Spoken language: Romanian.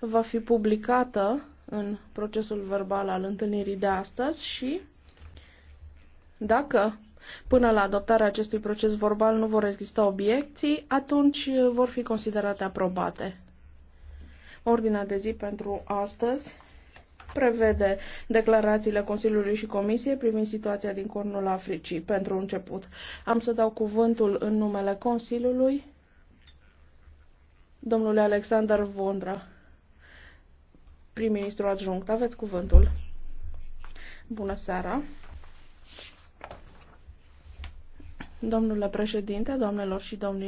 va fi publicată în procesul verbal al întâlnirii de astăzi și dacă până la adoptarea acestui proces verbal nu vor exista obiecții, atunci vor fi considerate aprobate. Ordinea de zi pentru astăzi prevede declarațiile Consiliului și Comisiei privind situația din Cornul Africii pentru început. Am să dau cuvântul în numele Consiliului domnului Alexander Vondra prim-ministru adjunct. Aveți cuvântul. Bună seara! Domnule președinte, domnilor și domnilor,